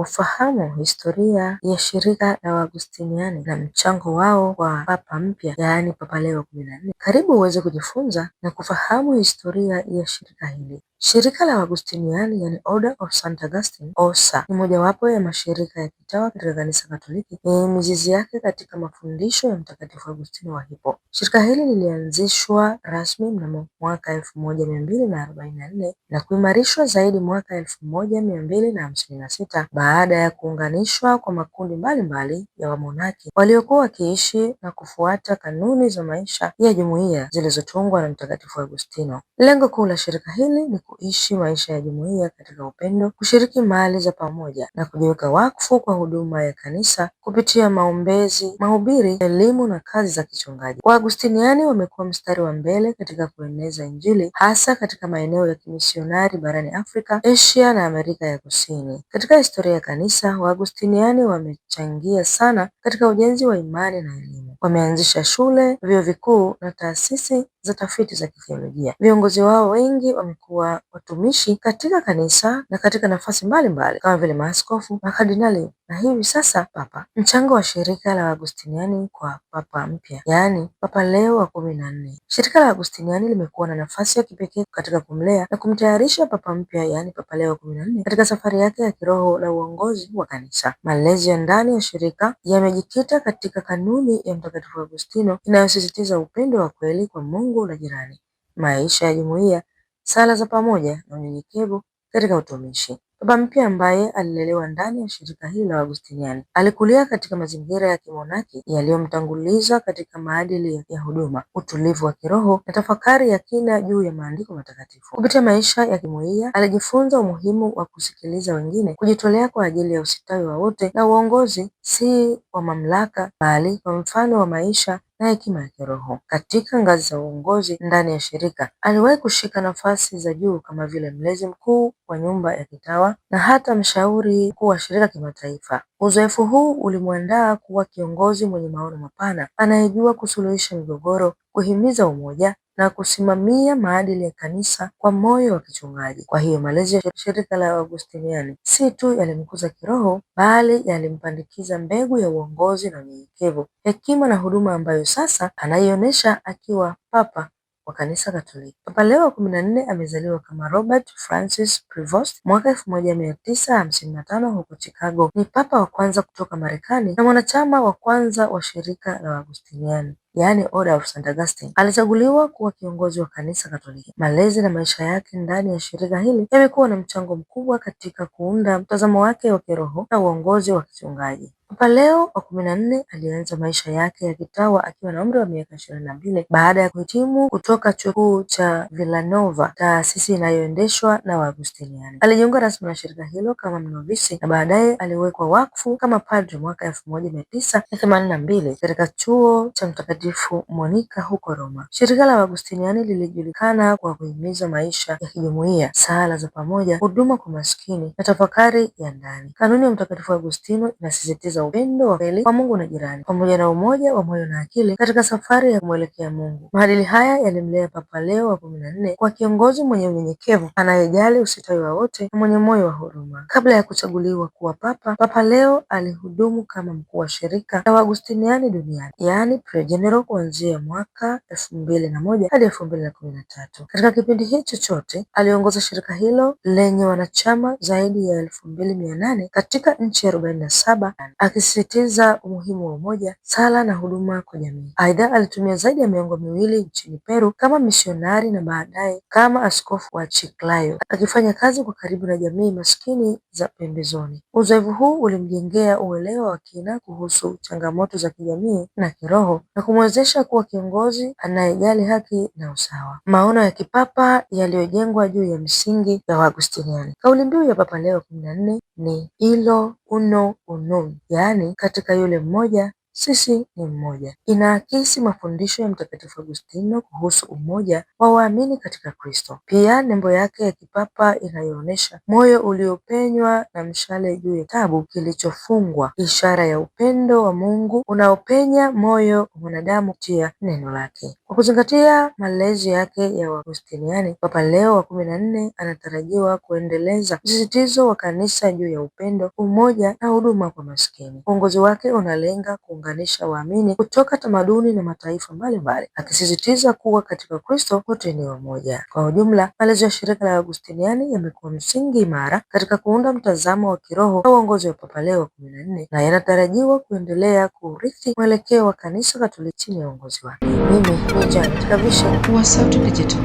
wafahamu historia ya shirika la Waagustiniani na mchango wao kwa Papa mpya, yaani Papa Leo kumi na nne. Karibu uweze kujifunza na kufahamu historia ya shirika hili. Shirika la Agustiniani, yani Order of St. Augustine, OSA, ni mojawapo ya mashirika ya kitawa katika kanisa Katoliki yenye mizizi yake katika mafundisho ya Mtakatifu Agustino wa Hippo. Shirika hili lilianzishwa rasmi mnamo mwaka 1244 na na kuimarishwa zaidi mwaka 1256 baada ya kuunganishwa kwa makundi mbalimbali mbali ya wamonaki waliokuwa wakiishi na kufuata kanuni za maisha ya jumuiya zilizotungwa na Mtakatifu Agustino. Lengo kuu la shirika hili ni kuishi maisha ya jumuiya katika upendo, kushiriki mahali za pamoja na kujiweka wakfu kwa huduma ya kanisa kupitia maombezi, mahubiri, elimu na kazi za kichungaji. Waagustiniani wamekuwa mstari wa mbele katika kueneza Injili hasa katika maeneo ya kimisionari barani Afrika, Asia na Amerika ya Kusini. Katika historia ya kanisa, Waagustiniani wamechangia sana katika ujenzi wa imani na elimu. Wameanzisha shule, vyuo vikuu na taasisi za tafiti za kitheolojia. Viongozi wao wengi wamekuwa watumishi katika kanisa na katika nafasi mbalimbali kama vile maaskofu, makadinali. Na hivi sasa Papa, mchango wa shirika la Agustiniani kwa Papa mpya, yaani Papa Leo wa kumi na nne. Shirika la Agustiniani limekuwa na nafasi ya kipekee katika kumlea na kumtayarisha Papa mpya, yaani Papa Leo wa kumi na nne, katika safari yake ya kiroho na uongozi wa kanisa. Malezi ya ndani ya shirika yamejikita katika kanuni ya Mtakatifu Agustino inayosisitiza upendo wa kweli kwa Mungu na jirani, maisha ya jumuiya, sala za pamoja na unyenyekevu katika utumishi baba mpya ambaye alilelewa ndani ya shirika hili la Wagustiniani. Alikulia katika mazingira ya kimonaki yaliyomtanguliza katika maadili ya huduma, utulivu wa kiroho na tafakari ya kina juu ya maandiko matakatifu. Kupitia maisha ya kimuia, alijifunza umuhimu wa kusikiliza wengine, kujitolea kwa ajili ya usitawi wa wote, na uongozi si wa mamlaka, bali kwa mfano wa maisha na hekima ya kiroho. Katika ngazi za uongozi ndani ya shirika, aliwahi kushika nafasi za juu kama vile mlezi mkuu wa nyumba ya kitawa na hata mshauri mkuu wa shirika kimataifa. Uzoefu huu ulimwandaa kuwa kiongozi mwenye maono mapana, anayejua kusuluhisha migogoro, kuhimiza umoja na kusimamia maadili ya kanisa kwa moyo wa kichungaji. Kwa hiyo malezi ya shirika la Augustiniani si tu yalimkuza kiroho, bali yalimpandikiza mbegu ya uongozi na unyenyekevu, hekima na huduma ambayo sasa anaionyesha akiwa papa wa kanisa Katoliki. Papa Leo wa kumi na nne amezaliwa kama Robert Francis Prevost mwaka elfu moja mia tisa hamsini na tano huko Chicago. Ni papa wa kwanza kutoka Marekani na mwanachama wa kwanza wa shirika la Augustiniani yaani Order of St. Augustine. Alichaguliwa kuwa kiongozi wa kanisa Katoliki. Malezi na maisha yake ndani ya shirika hili yamekuwa na mchango mkubwa katika kuunda mtazamo wake wa kiroho na uongozi wa kichungaji. Mpaleo wa kumi na nne alianza maisha yake ya kitawa akiwa na umri wa miaka ishirini na mbili baada ya kuhitimu kutoka chuo kikuu cha Villanova, taasisi inayoendeshwa na Waagustiniani. Alijiunga rasmi na shirika hilo kama mnovisi na baadaye aliwekwa wakfu kama padri mwaka elfu moja mia tisa na themanini na mbili katika chuo cha Mtakatifu Monika huko Roma. Shirika la Waagustiniani lilijulikana kwa kuhimiza maisha ya kijumuiya, sala za pamoja, huduma kwa maskini na tafakari ya ndani. Kanuni ya Mtakatifu Agustino inasisitiza za upendo wa kweli kwa Mungu na jirani, pamoja na umoja wa moyo na akili katika safari ya kumwelekea Mungu. Maadili haya yalimlea Papa Leo wa kumi na nne kwa kiongozi mwenye unyenyekevu, anayejali usitawi wa wote na mwenye moyo wa huruma. Kabla ya kuchaguliwa kuwa papa, Papa Leo alihudumu kama mkuu wa shirika la Waagustiniani duniani, yaani Prejenero, kuanzia mwaka elfu mbili na moja hadi elfu mbili na kumi na tatu. Katika kipindi hicho chote aliongoza shirika hilo lenye wanachama zaidi ya elfu mbili mia nane katika nchi arobaini na saba akisisitiza umuhimu wa umoja, sala na huduma kwa jamii. Aidha, alitumia zaidi ya miongo miwili nchini Peru kama misionari na baadaye kama askofu wa Chiclayo, akifanya kazi kwa karibu na jamii maskini za pembezoni. Uzoefu huu ulimjengea uelewa wa kina kuhusu changamoto za kijamii na kiroho na kumwezesha kuwa kiongozi anayejali haki na usawa. Maono ya kipapa yaliyojengwa juu ya misingi ya Wagustiniani. Kauli mbiu ya Papa Leo kumi na nne ni ilo uno uno, yaani katika yule mmoja sisi ni mmoja. Inaakisi mafundisho ya Mtakatifu Agustino kuhusu umoja wa waamini katika Kristo. Pia nembo yake ya kipapa inayoonyesha moyo uliopenywa na mshale juu ya kitabu kilichofungwa, ishara ya upendo wa Mungu unaopenya moyo wa mwanadamu kupitia neno lake. Kwa kuzingatia malezi yake ya Waagustiniani, Papa Leo wa kumi na nne anatarajiwa kuendeleza msisitizo wa kanisa juu ya upendo, umoja na huduma kwa maskini. Uongozi wake unalenga kuunga kuwaunganisha waamini kutoka tamaduni na mataifa mbalimbali, akisisitiza kuwa katika Kristo wote ni wamoja. Kwa ujumla, malezi ya shirika la Agustiniani yamekuwa msingi imara katika kuunda mtazamo wa kiroho na uongozi wa Papa Leo wa kumi na nne na yanatarajiwa kuendelea kuurithi mwelekeo wa Kanisa Katoliki chini ya uongozi wake. Mimi ni Janet Kavisha wa SAUT Digital.